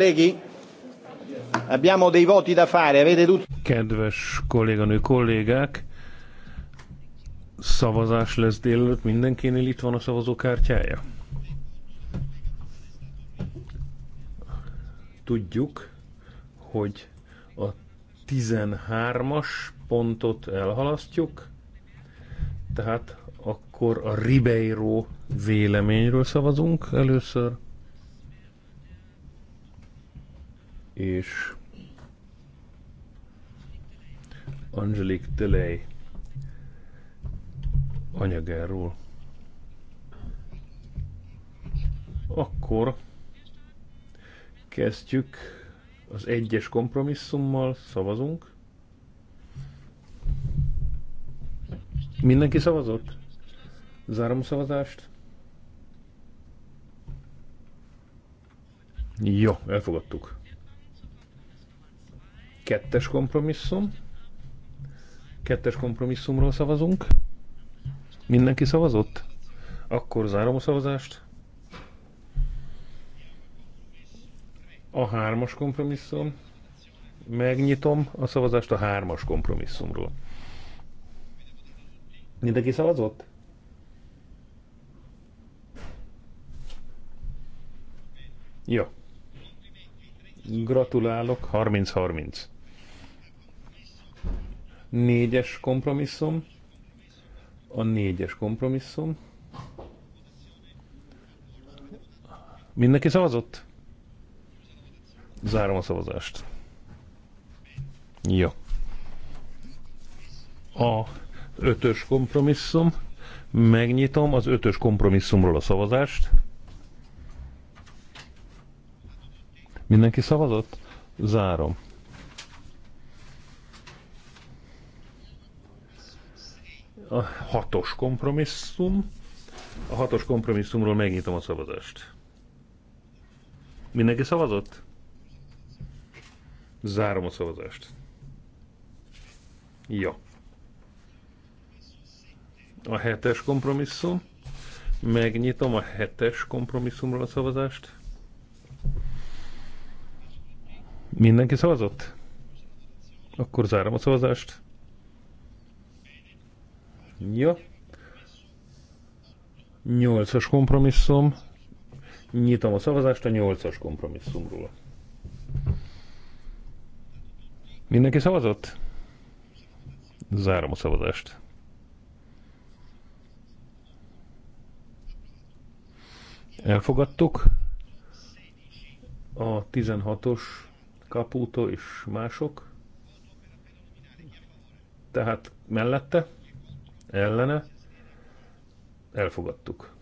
Colleghi, abbiamo dei voti da fare, avete tutti... Kedves kolléganő kollégák, szavazás lesz délelőtt, mindenkinél itt van a szavazókártyája. Tudjuk, hogy a 13-as pontot elhalasztjuk, tehát akkor a Ribeiro véleményről szavazunk először. és Angelique Delay anyagáról. Akkor kezdjük az egyes kompromisszummal, szavazunk. Mindenki szavazott? Zárom a szavazást. Jó, elfogadtuk. Kettes kompromisszum. Kettes kompromisszumról szavazunk. Mindenki szavazott? Akkor zárom a szavazást. A hármas kompromisszum. Megnyitom a szavazást a hármas kompromisszumról. Mindenki szavazott? Jó. Gratulálok, 30-30. Négyes kompromisszum. A négyes kompromisszum. Mindenki szavazott? Zárom a szavazást. Jó. A ötös kompromisszum. Megnyitom az ötös kompromisszumról a szavazást. Mindenki szavazott? Zárom. a hatos kompromisszum. A hatos kompromisszumról megnyitom a szavazást. Mindenki szavazott? Zárom a szavazást. Ja. A hetes kompromisszum. Megnyitom a hetes kompromisszumról a szavazást. Mindenki szavazott? Akkor zárom a szavazást. Jó. Nyolcas kompromisszum. Nyitom a szavazást a nyolcas kompromisszumról. Mindenki szavazott? Zárom a szavazást. Elfogadtuk. A 16-os kapútó és mások. Tehát mellette ellene elfogadtuk.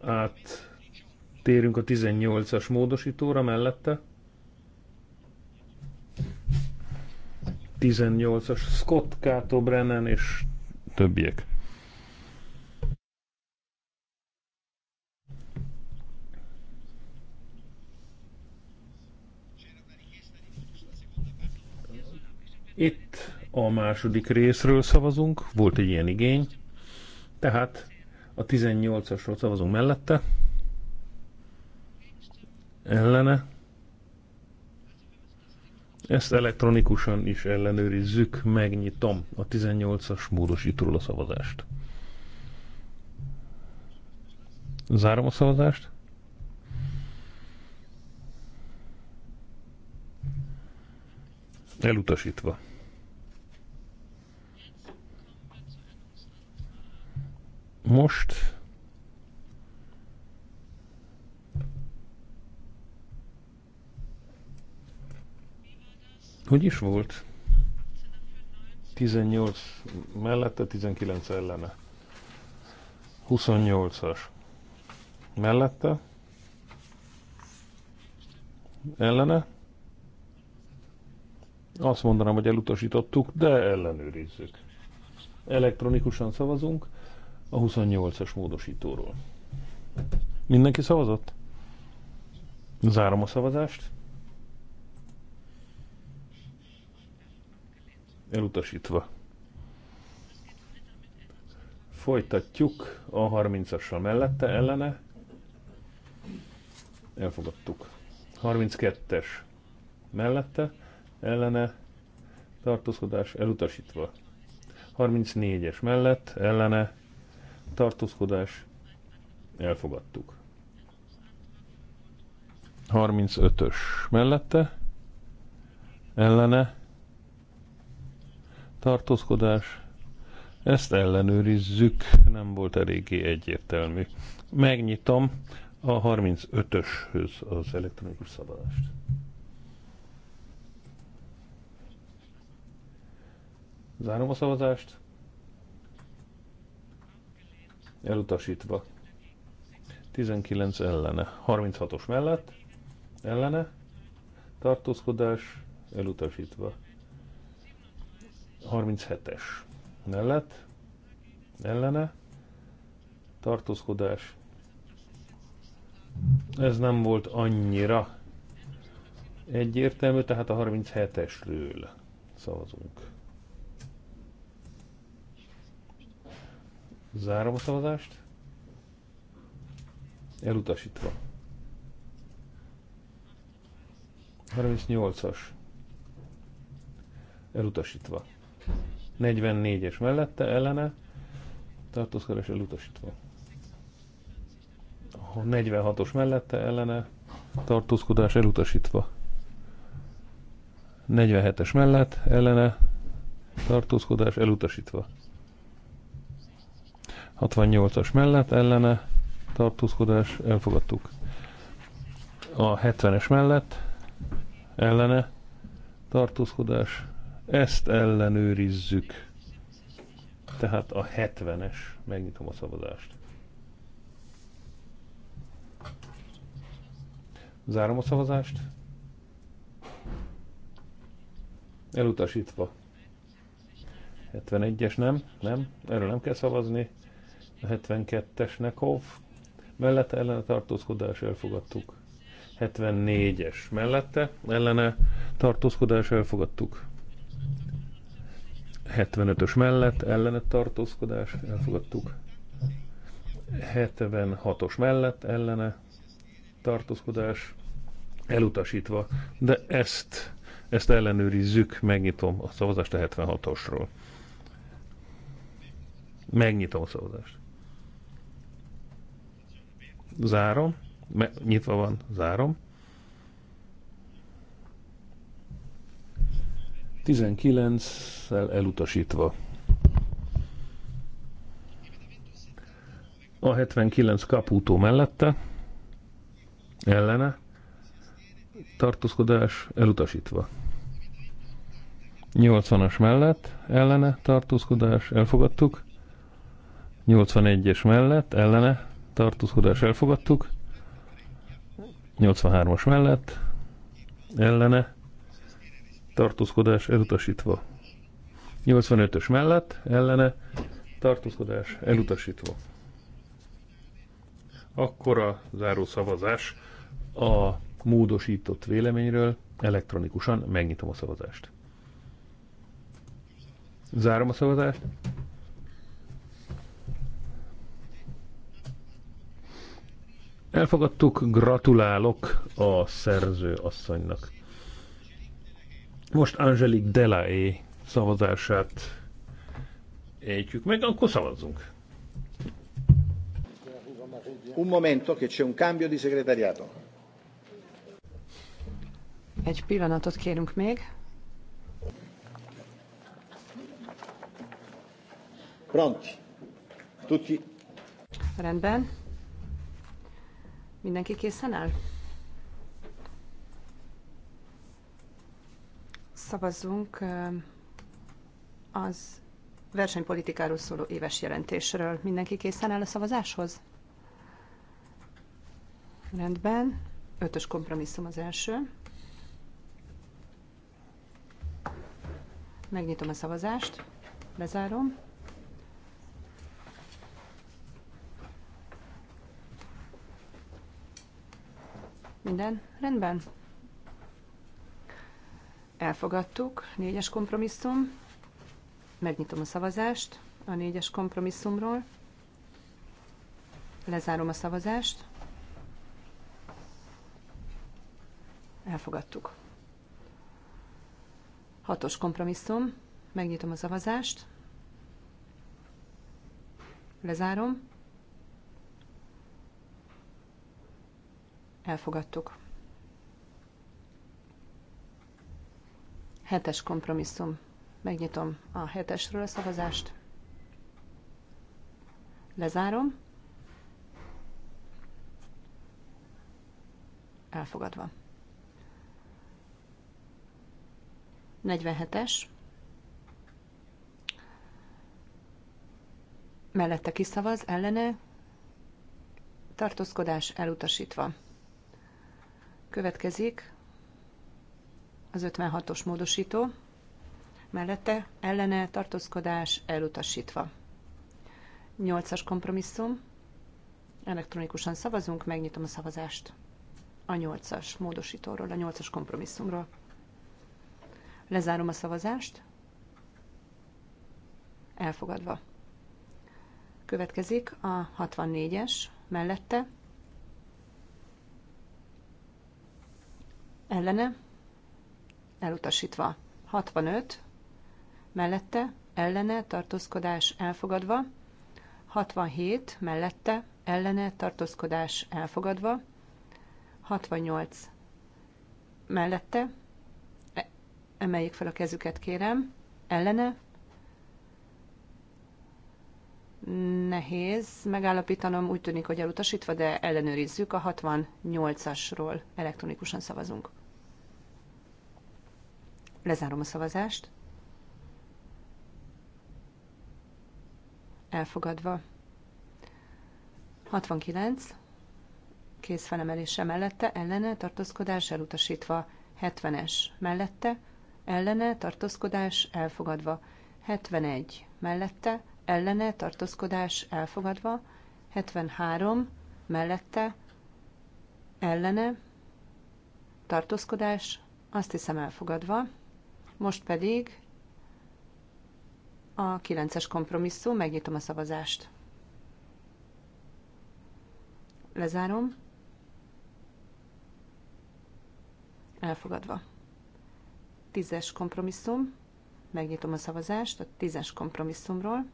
Át térünk a 18-as módosítóra mellette. 18-as Scott, Kato Brennan és többiek a második részről szavazunk, volt egy ilyen igény, tehát a 18-asról szavazunk mellette, ellene, ezt elektronikusan is ellenőrizzük, megnyitom a 18-as módosítóról a szavazást. Zárom a szavazást. Elutasítva. Most Hogy is volt? 18 mellette, 19 ellene. 28-as. Mellette. Ellene. Azt mondanám, hogy elutasítottuk, de ellenőrizzük. Elektronikusan szavazunk a 28-as módosítóról. Mindenki szavazott? Zárom a szavazást. Elutasítva. Folytatjuk a 30-assal mellette, ellene. Elfogadtuk. 32-es mellette, ellene. Tartózkodás elutasítva. 34-es mellett, ellene tartózkodás, elfogadtuk. 35-ös mellette, ellene, tartózkodás, ezt ellenőrizzük, nem volt eléggé egyértelmű. Megnyitom a 35-öshöz az elektronikus szabadást. Zárom a szavazást elutasítva. 19 ellene, 36-os mellett, ellene, tartózkodás, elutasítva. 37-es mellett, ellene, tartózkodás. Ez nem volt annyira egyértelmű, tehát a 37-esről szavazunk. Zárom a szavazást. Elutasítva. 38-as. Elutasítva. 44-es mellette, ellene. Tartózkodás elutasítva. A 46-os mellette, ellene. Tartózkodás elutasítva. 47-es mellett, ellene. Tartózkodás elutasítva. 68-as mellett ellene tartózkodás elfogadtuk. A 70-es mellett ellene tartózkodás. Ezt ellenőrizzük. Tehát a 70-es. Megnyitom a szavazást. Zárom a szavazást. Elutasítva. 71-es nem, nem, erről nem kell szavazni. 72-es Nekov, mellette ellene tartózkodás elfogadtuk. 74-es mellette ellene tartózkodás elfogadtuk. 75-ös mellett ellene tartózkodás elfogadtuk. 76-os mellett ellene tartózkodás elutasítva, de ezt, ezt ellenőrizzük, megnyitom a szavazást a 76-osról. Megnyitom a szavazást zárom, nyitva van, zárom. 19-szel elutasítva. A 79 kapútó mellette, ellene, tartózkodás elutasítva. 80-as mellett, ellene, tartózkodás, elfogadtuk. 81-es mellett, ellene, tartózkodás elfogadtuk. 83-as mellett ellene tartózkodás elutasítva. 85-ös mellett ellene tartózkodás elutasítva. Akkor a záró szavazás a módosított véleményről elektronikusan megnyitom a szavazást. Zárom a szavazást. Elfogadtuk, gratulálok a szerző asszonynak. Most Angelique Delae szavazását éjtjük meg, akkor szavazzunk. Un momento che c'è un cambio di segretariato. Egy pillanatot kérünk még. Pronti. Tutti. Rendben. Mindenki készen áll? Szavazzunk az versenypolitikáról szóló éves jelentésről. Mindenki készen áll a szavazáshoz? Rendben. Ötös kompromisszum az első. Megnyitom a szavazást. Lezárom. Minden rendben? Elfogadtuk. Négyes kompromisszum. Megnyitom a szavazást a négyes kompromisszumról. Lezárom a szavazást. Elfogadtuk. Hatos kompromisszum. Megnyitom a szavazást. Lezárom. Elfogadtuk. Hetes kompromisszum. Megnyitom a hetesről a szavazást. Lezárom. Elfogadva. 47-es. Mellette kiszavaz, ellene tartózkodás elutasítva. Következik az 56-os módosító, mellette ellene tartózkodás elutasítva. 8-as kompromisszum, elektronikusan szavazunk, megnyitom a szavazást a 8-as módosítóról, a 8-as kompromisszumról. Lezárom a szavazást, elfogadva. Következik a 64-es, mellette ellene, elutasítva. 65, mellette, ellene, tartózkodás elfogadva. 67, mellette, ellene, tartózkodás elfogadva. 68, mellette, e, emeljék fel a kezüket, kérem, ellene, nehéz megállapítanom, úgy tűnik, hogy elutasítva, de ellenőrizzük, a 68-asról elektronikusan szavazunk. Lezárom a szavazást. Elfogadva. 69. Kész felemelése mellette, ellene, tartózkodás elutasítva. 70-es mellette, ellene, tartózkodás elfogadva. 71 mellette, ellene, tartózkodás elfogadva. 73 mellette, ellene, tartózkodás, azt hiszem elfogadva. Most pedig a 9-es kompromisszum, megnyitom a szavazást. Lezárom. Elfogadva. 10-es kompromisszum, megnyitom a szavazást a 10-es kompromisszumról.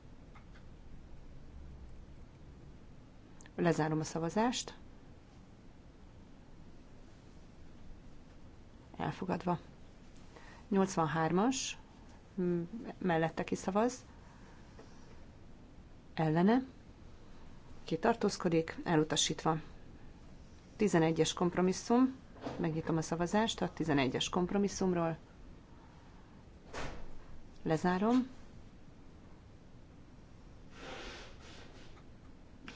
Lezárom a szavazást. Elfogadva. 83-as, mellette kiszavaz, ellene, kitartózkodik, elutasítva. 11-es kompromisszum, megnyitom a szavazást a 11-es kompromisszumról, lezárom,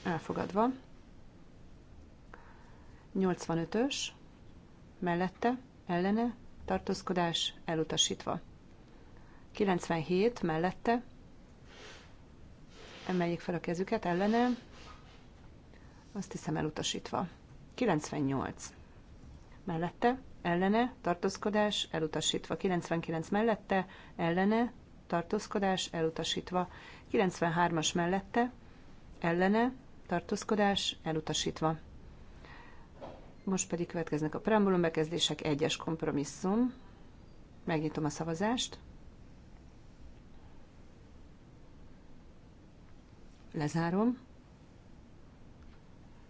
elfogadva, 85-ös, mellette, ellene, tartózkodás elutasítva. 97 mellette, emeljék fel a kezüket, ellene, azt hiszem elutasítva. 98 mellette, ellene, tartózkodás elutasítva. 99 mellette, ellene, tartózkodás elutasítva. 93-as mellette, ellene, tartózkodás elutasítva. Most pedig következnek a preambulum bekezdések, egyes kompromisszum. Megnyitom a szavazást. Lezárom.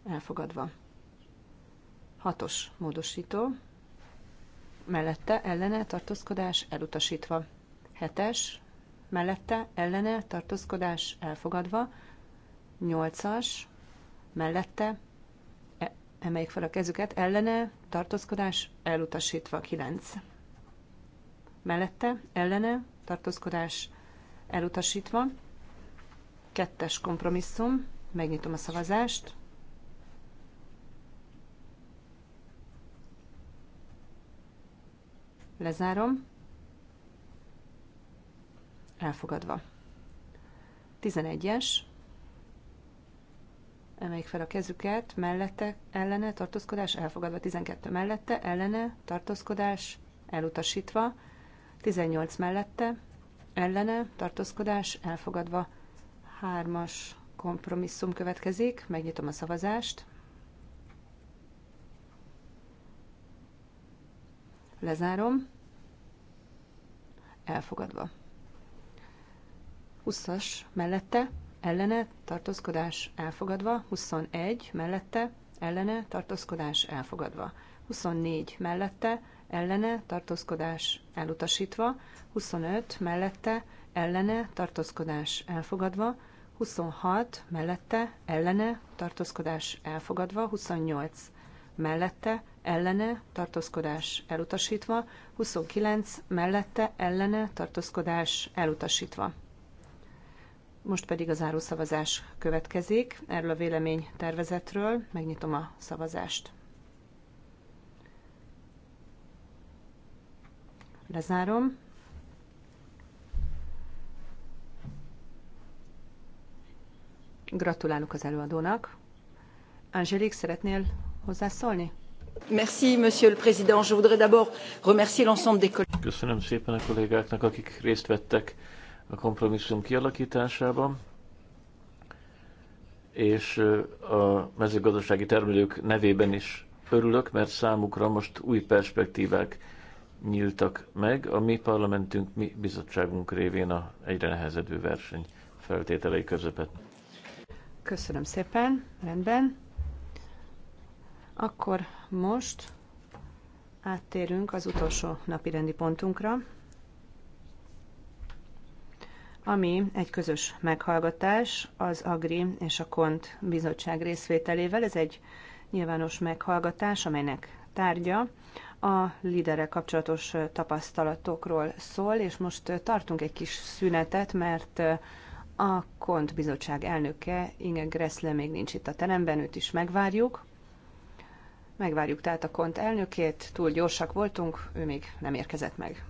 Elfogadva. Hatos módosító. Mellette ellene tartózkodás elutasítva. Hetes. Mellette ellene tartózkodás elfogadva. Nyolcas. Mellette emeljék fel a kezüket, ellene, tartózkodás, elutasítva, 9. Mellette, ellene, tartózkodás, elutasítva, kettes kompromisszum, megnyitom a szavazást, lezárom, elfogadva. 11-es, emeljék fel a kezüket, mellette, ellene, tartózkodás, elfogadva 12 mellette, ellene, tartózkodás, elutasítva, 18 mellette, ellene, tartózkodás, elfogadva, 3 kompromisszum következik, megnyitom a szavazást, lezárom, elfogadva. 20-as mellette, ellene tartózkodás elfogadva, 21 mellette ellene tartózkodás elfogadva, 24 mellette ellene tartózkodás elutasítva, 25 mellette ellene tartózkodás elfogadva, 26 mellette ellene tartózkodás elfogadva, 28 mellette ellene tartózkodás elutasítva, 29 mellette ellene tartózkodás elutasítva. Most pedig a zárószavazás következik erről a vélemény tervezetről. Megnyitom a szavazást. Lezárom. Gratulálok az előadónak. Angélique, szeretnél hozzászólni? Merci, Monsieur le Président. Je voudrais d'abord remercier l'ensemble des collègues. Köszönöm szépen a kollégáknak, akik részt vettek a kompromisszum kialakításában, és a mezőgazdasági termelők nevében is örülök, mert számukra most új perspektívák nyíltak meg a mi parlamentünk, mi bizottságunk révén a egyre nehezedő verseny feltételei közepet. Köszönöm szépen, rendben. Akkor most áttérünk az utolsó napi rendi pontunkra, ami egy közös meghallgatás az Agri és a Kont bizottság részvételével. Ez egy nyilvános meghallgatás, amelynek tárgya a lidere kapcsolatos tapasztalatokról szól, és most tartunk egy kis szünetet, mert a Kont bizottság elnöke, Inge Gressle még nincs itt a teremben, őt is megvárjuk. Megvárjuk tehát a Kont elnökét, túl gyorsak voltunk, ő még nem érkezett meg.